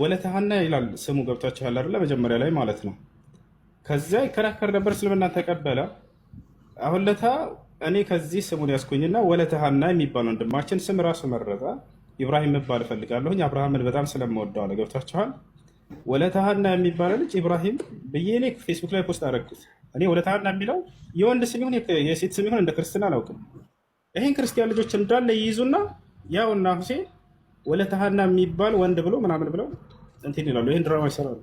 ወለተ ሐና ይላል ስሙ ገብቷችኋል አይደለ? መጀመሪያ ላይ ማለት ነው። ከዚያ ይከራከር ነበር፣ እስልምና ተቀበለ። አሁን ለታ እኔ ከዚህ ስሙን ያስኩኝና ወለተ ሐና የሚባል ወንድማችን ስም ራሱ መረጠ። ኢብራሂም መባል እፈልጋለሁኝ አብርሃምን በጣም ስለምወደው አለ። ገብቷችኋል? ወለተ ሐና የሚባለ ልጅ ኢብራሂም ብዬ እኔ ፌስቡክ ላይ ፖስት አደረግኩት። እኔ ወለተ ሐና የሚለው የወንድ ስም ይሁን የሴት ስም ይሁን እንደ ክርስትና አላውቅም። ይህን ክርስቲያን ልጆች እንዳለ ይይዙና ያውና ሁሴን ወለተሃና የሚባል ወንድ ብሎ ምናምን ብለው እንትን ይላሉ። ይህን ድራማ ይሰራሉ።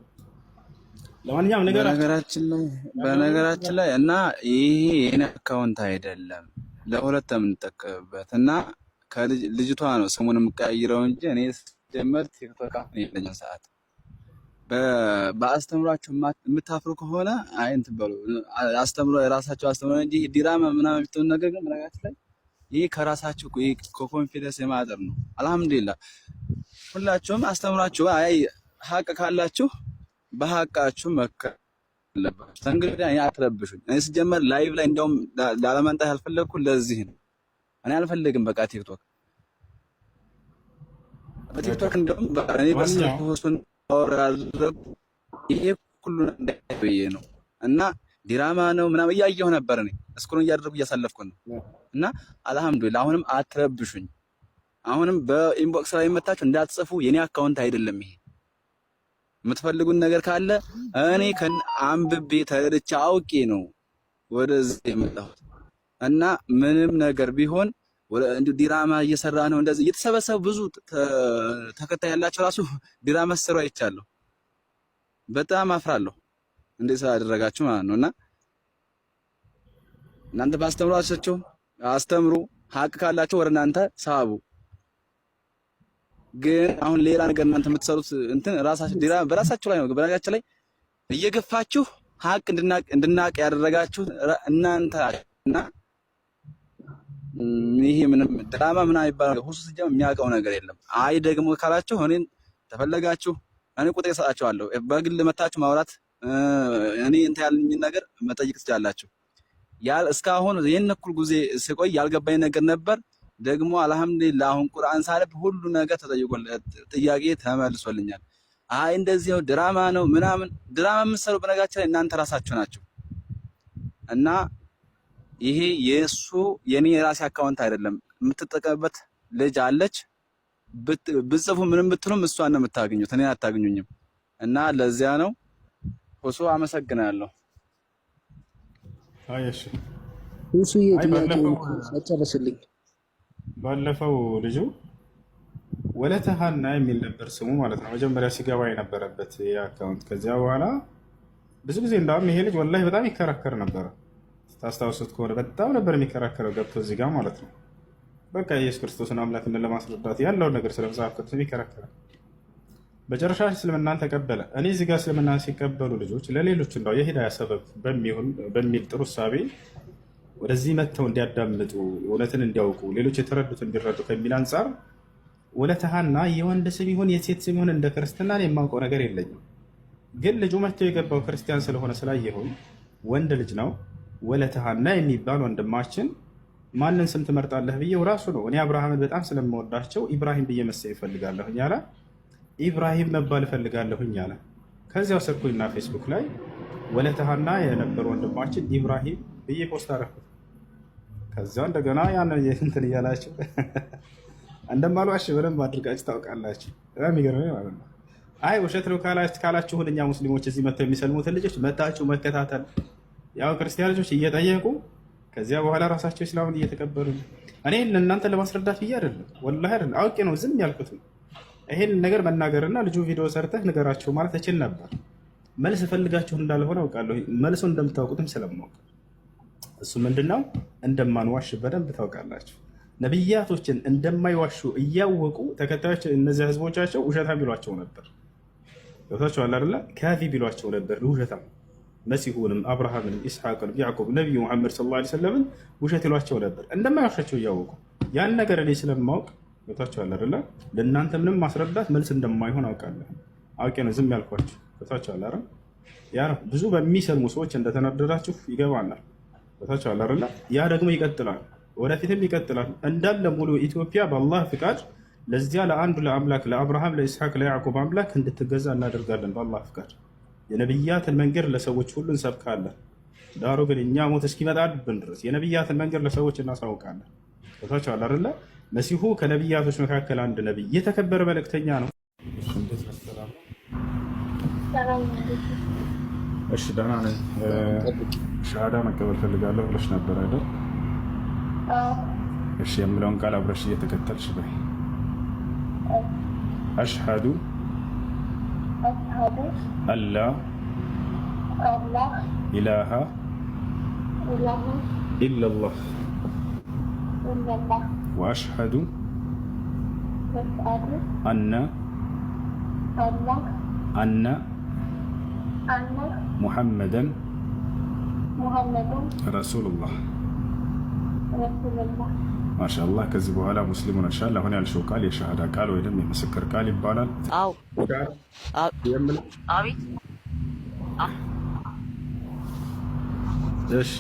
ለማንኛውም ነገራችን ላይ በነገራችን ላይ እና ይሄ ይህን አካውንት አይደለም ለሁለት የምንጠቀምበት እና ልጅቷ ነው ስሙን የምቀያይረው እንጂ እኔ ስጀመር ቲክቶክ የለኝም። ሰዓት በአስተምሯቸው የምታፍሩ ከሆነ አይ እንትን በሉ አስተምሮ የራሳቸው አስተምሮ እንጂ ዲራማ ምናምን የሚትሆን ነገር ግን በነገራችን ላይ ይህ ከራሳቸው ከኮንፊደንስ የማጠር ነው። አልሐምዱሊላ ሁላችሁም አስተምራችሁ አይ ሀቅ ካላችሁ በሀቃችሁ መከር አለባችሁ። ተንግዲህ እኔ አትረብሹኝ። እኔ ስጀመር ላይቭ ላይ እንደውም ላለመንጣት ያልፈለግኩ ለዚህ ነው። እኔ አልፈልግም በቃ ቲክቶክ በቲክቶክ እንደውም እኔ በስሱን ያደረጉ ይሄ ሁሉ እንዳይ ነው እና ዲራማ ነው ምናምን እያየሁ ነበር። እኔ እስኩሩን እያደረጉ እያሳለፍኩ ነው እና አልሐምዱሊላህ። አሁንም አትረብሹኝ። አሁንም በኢንቦክስ ላይ የመታችሁ እንዳትጽፉ። የኔ አካውንት አይደለም ይሄ። የምትፈልጉን ነገር ካለ እኔ አንብቤ ተረድቼ አውቄ ነው ወደዚህ የመጣሁት እና ምንም ነገር ቢሆን እንዲሁ ዲራማ እየሰራ ነው እንደዚህ እየተሰበሰቡ ብዙ ተከታይ ያላቸው ራሱ ዲራማ ሲሰሩ አይቻለሁ። በጣም አፍራለሁ። እንዴት ስላደረጋችሁ ማለት ነው። እና እናንተ ባስተምሩ አሰቸው አስተምሩ፣ ሀቅ ካላቸው ወደ እናንተ ሳቡ። ግን አሁን ሌላ ነገር እናንተ የምትሰሩት እንትን ራሳችሁ በራሳችሁ ላይ ነው። በራሳችሁ ላይ እየገፋችሁ ሀቅ እንድናቅ ያደረጋችሁ እናንተ እና ይሄ ምንም ድራማ ምናምን የሚባለው ሁሱ ሲጀምር የሚያውቀው ነገር የለም። አይ ደግሞ ካላችሁ እኔን ተፈለጋችሁ እኔ ቁጥር እሰጣችኋለሁ። በግል መታችሁ ማውራት እኔ እንትን ያለኝን ነገር መጠየቅ ትችላላችሁ። እስካሁን ይህን እኩል ጊዜ ስቆይ ያልገባኝ ነገር ነበር። ደግሞ አልሐምዱሊላህ አሁን ቁርአን ሳለብ ሁሉ ነገር ተጠይቆል፣ ጥያቄ ተመልሶልኛል። አይ እንደዚህ ድራማ ነው ምናምን ድራማ የምትሰሩ በነገራችን ላይ እናንተ ራሳችሁ ናችሁ። እና ይሄ የእሱ የኔ የራሴ አካውንት አይደለም። የምትጠቀምበት ልጅ አለች። ብጽፉ ምንም ብትሉም እሷን ነው የምታገኙት፣ እኔን አታገኙኝም። እና ለዚያ ነው ሁሱ አመሰግናለሁ። ሁሱ ባለፈው ልጁ ወለተሃና የሚል ነበር ስሙ ማለት ነው። መጀመሪያ ሲገባ የነበረበት አካውንት። ከዚያ በኋላ ብዙ ጊዜ እንዳውም ይሄ ልጅ ወላሂ በጣም ይከራከር ነበረ። ታስታውሱት ከሆነ በጣም ነበር የሚከራከረው ገብቶ እዚህ ጋር ማለት ነው። በቃ ኢየሱስ ክርስቶስን አምላክነት ለማስረዳት ያለውን ነገር ስለ መጽሐፍ ቅዱስ ይከራከራል። መጨረሻ እስልምናን ተቀበለ። እኔ እዚህ ጋር እስልምናን ሲቀበሉ ልጆች ለሌሎች እንደው የሂዳያ ሰበብ በሚል ጥሩ ሳቤ ወደዚህ መጥተው እንዲያዳምጡ እውነትን እንዲያውቁ ሌሎች የተረዱት እንዲረዱ ከሚል አንጻር ወለተሃና የወንድ ስም ይሁን የሴት ስም ይሁን እንደ ክርስትናን የማውቀው ነገር የለኝም። ግን ልጁ መጥቶ የገባው ክርስቲያን ስለሆነ ስላየሁኝ ወንድ ልጅ ነው። ወለተሃና የሚባል ወንድማችን ማንን ስም ትመርጣለህ ብዬው ራሱ ነው እኔ አብርሃምን በጣም ስለምወዳቸው ኢብራሂም ብዬ መሰ ይፈልጋለሁ ያለ ኢብራሂም መባል እፈልጋለሁኝ አለ። ከዚያው ስልኩኝና ፌስቡክ ላይ ወለተሃና የነበር ወንድማችን ኢብራሂም ብዬ ፖስት አደረኩት። ከዛ እንደገና ያን እንትን እያላችሁ እንደማልዋሽ በደንብ አድርጋችሁ ታውቃላችሁ። በጣም ማለት ነው። አይ ውሸት ነው ካላችሁን እኛ ሙስሊሞች እዚህ መጥተው የሚሰልሙትን ልጆች መታችሁ መከታተል፣ ያው ክርስቲያን ልጆች እየጠየቁ ከዚያ በኋላ ራሳቸው እስላሙን እየተቀበሉ እኔ እናንተ ለማስረዳት ብዬ አይደለም፣ ወላሂ አይደለም፣ አውቄ ነው ዝም ያልኩትም ይሄን ነገር መናገርና ልጁ ቪዲዮ ሰርተህ ንገራቸው ማለት እችል ነበር። መልስ ፈልጋችሁ እንዳልሆነ አውቃለሁ። መልሱ እንደምታውቁትም ስለማውቅ እሱ ምንድነው እንደማንዋሽ በደንብ ታውቃላችሁ። ነቢያቶችን እንደማይዋሹ እያወቁ ተከታዮች እነዚያ ህዝቦቻቸው ውሸታ ቢሏቸው ነበር። አለ አይደለ? ካፊ ቢሏቸው ነበር ውሸታ መሲሁንም አብርሃምንም ኢስሐቅንም ያዕቆብ ነቢዩ ሙሐመድ ሰለላሁ ዓለይሂ ወሰለምን ውሸት ይሏቸው ነበር እንደማይዋሻቸው እያወቁ ያን ነገር እኔ ስለማውቅ በታችኋል አይደለ? ለእናንተ ምንም ማስረዳት መልስ እንደማይሆን አውቃለሁ። አውቄ ነው ዝም ያልኳችሁ። በታችኋል አይደለ? ያ ነው ብዙ በሚሰልሙ ሰዎች እንደተናደዳችሁ ይገባናል። በታችኋል አይደለ? ያ ደግሞ ይቀጥላል፣ ወደፊትም ይቀጥላል። እንዳለ ሙሉ ኢትዮጵያ በአላህ ፍቃድ ለዚያ ለአንዱ ለአምላክ ለአብርሃም ለኢስሐቅ ለያዕቆብ አምላክ እንድትገዛ እናደርጋለን። በአላህ ፍቃድ የነቢያትን መንገድ ለሰዎች ሁሉ እንሰብካለን። ዳሩ ግን እኛ ሞት እስኪመጣብን ድረስ የነቢያትን መንገድ ለሰዎች እናሳውቃለን። በታችኋል አይደለ? መሲሁ ከነቢያቶች መካከል አንድ ነቢይ የተከበረ መልእክተኛ ነው። እሺ ደህና ነኝ። ሻሃዳ መቀበል ፈልጋለሁ ብለሽ ነበር አይደል? እሺ የምለውን ቃል አብረሽ እየተከተልሽ በይ። አሽሃዱ አላ ኢላሃ ኢላላህ ወአሽሀዱ አነ አነ ሙሐመደን ረሱሉላህ። ማሻአላህ ከዚህ በኋላ ሙስሊሙን ሻል አሁን ያልሽው ቃል የሸሃዳ ቃል ወይም የምስክር ቃል ይባላል።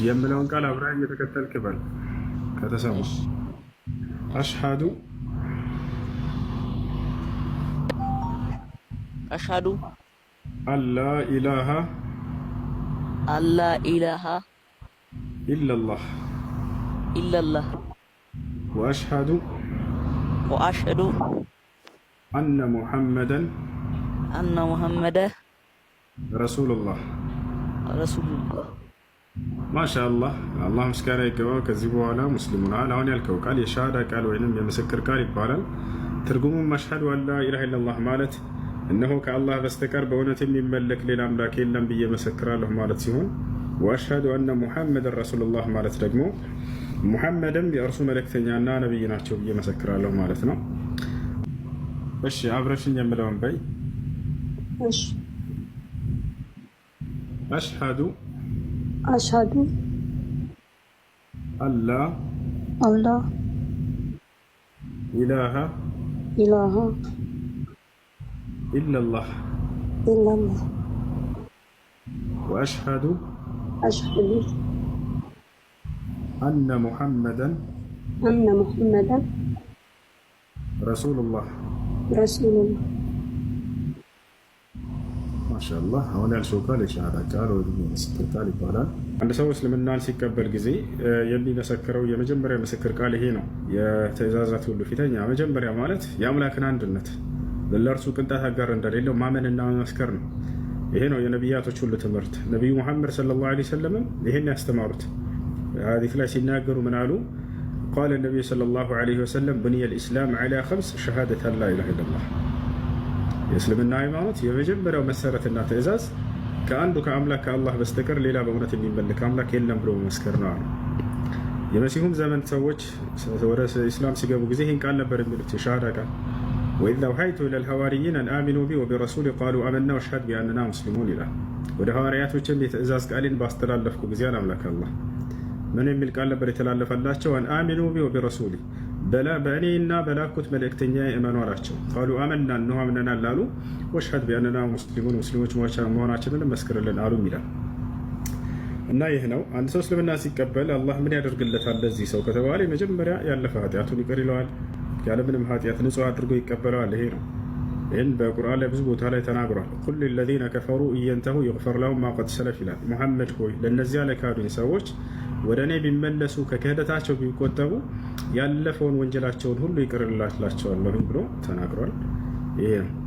የምለውን ቃል አብረን እየተከተልክ በል ከተሰማ أشهد أشهد أن لا إله أن لا إله إلا الله إلا الله وأشهد وأشهد أن محمدا أن محمدا رسول الله رسول الله ማሻአላህ አላህ ምስጋና ይገባው። ከዚህ በኋላ ሙስሊም አል አሁን ያልከው ቃል የሻሃዳ ቃል ወይም የምስክር ቃል ይባላል። ትርጉሙም አሽሀዱ አን ኢላሀ ኢለላህ ማለት እነሆ ከአላህ በስተቀር በእውነት የሚመለክ ሌላ አምላክ የለም ብዬ መሰክራለሁ ማለት ሲሆን ወአሽሀዱ አነ ሙሐመድን ረሱሉላህ ማለት ደግሞ ሙሐመድም የእርሱ መልእክተኛና ነቢይ ናቸው ብዬ መሰክራለሁ ማለት ነው። እሺ አብረሽኝ የምለውን በይ አሽሀዱ أشهد الله الله إله إله إلا الله إلا الله وأشهد أشهد أن محمدا أن محمدا رسول الله رسول الله ማሻላ አሁን ያልሽው ቃል የሻሃዳ ቃል ወይም የምስክር ቃል ይባላል። አንድ ሰው እስልምናን ሲቀበል ጊዜ የሚመሰክረው የመጀመሪያ ምስክር ቃል ይሄ ነው። የትእዛዛት ሁሉ ፊተኛ መጀመሪያ ማለት የአምላክን አንድነት ለእርሱ ቅንጣት አጋር እንደሌለው ማመንና መመስከር ነው። ይሄ ነው የነቢያቶች ሁሉ ትምህርት። ነቢዩ ሙሐመድ ሰለላሁ ዐለይሂ ወሰለም ይሄን ያስተማሩት ሐዲስ ላይ ሲናገሩ ምን አሉ? ቃለ ነቢዩ ሰለላሁ ዐለይሂ ወሰለም ብንየ ልእስላም ዐላ ከምስ ሸሃደት አላ ኢላሃ ኢለላህ የእስልምና ሃይማኖት የመጀመሪያው መሰረትና ትእዛዝ ከአንዱ ከአምላክ ከአላህ በስተቀር ሌላ በእውነት የሚመለክ አምላክ የለም ብሎ መመስከር ነው አሉ። የመሲሁም ዘመን ሰዎች ወደ ኢስላም ሲገቡ ጊዜ ይህን ቃል ነበር የሚሉት የሻሃዳ ቃል ወኢዝ አውሐይቱ ኢለል ሐዋርይን አን አሚኑ ቢ ወቢረሱሊ ቃሉ አመና ወሽሀድ ቢአንና ሙስሊሙን ይላል። ወደ ሐዋርያቶችም የትእዛዝ ቃሌን ባስተላለፍኩ ጊዜ አላምላክ አላህ ምን የሚል ቃል ነበር የተላለፈላቸው? አን አሚኑ ቢ ወቢረሱሊ በእኔና በላኩት መልእክተኛ እመኑ አላቸው። ቃሉ አመና እንሆ አምነናል ላሉ ወሽሀድ ቢያንና ሙስሊሙን ሙስሊሞች መሆናችንን መስክርልን አሉ ይላል እና ይህ ነው አንድ ሰው እስልምና ሲቀበል አላህ ምን ያደርግለታል ለዚህ ሰው ከተባለ የመጀመሪያ ያለፈ ኃጢአቱን ይቅር ይለዋል። ያለምንም ኃጢአት ንጹህ አድርጎ ይቀበለዋል። ይሄ ነው። ይህን በቁርአን ላይ ብዙ ቦታ ላይ ተናግሯል። ኩል ለዚነ ከፈሩ እየንተሁ ይቅፈር ለሁም ማ ሰለፍ ይላል። ሙሐመድ ሆይ ለእነዚያ ለካዱኝ ሰዎች ወደ እኔ ቢመለሱ ከክህደታቸው ቢቆጠቡ ያለፈውን ወንጀላቸውን ሁሉ ይቅርላላቸዋለሁኝ ብሎ ተናግሯል። ይሄ ነው።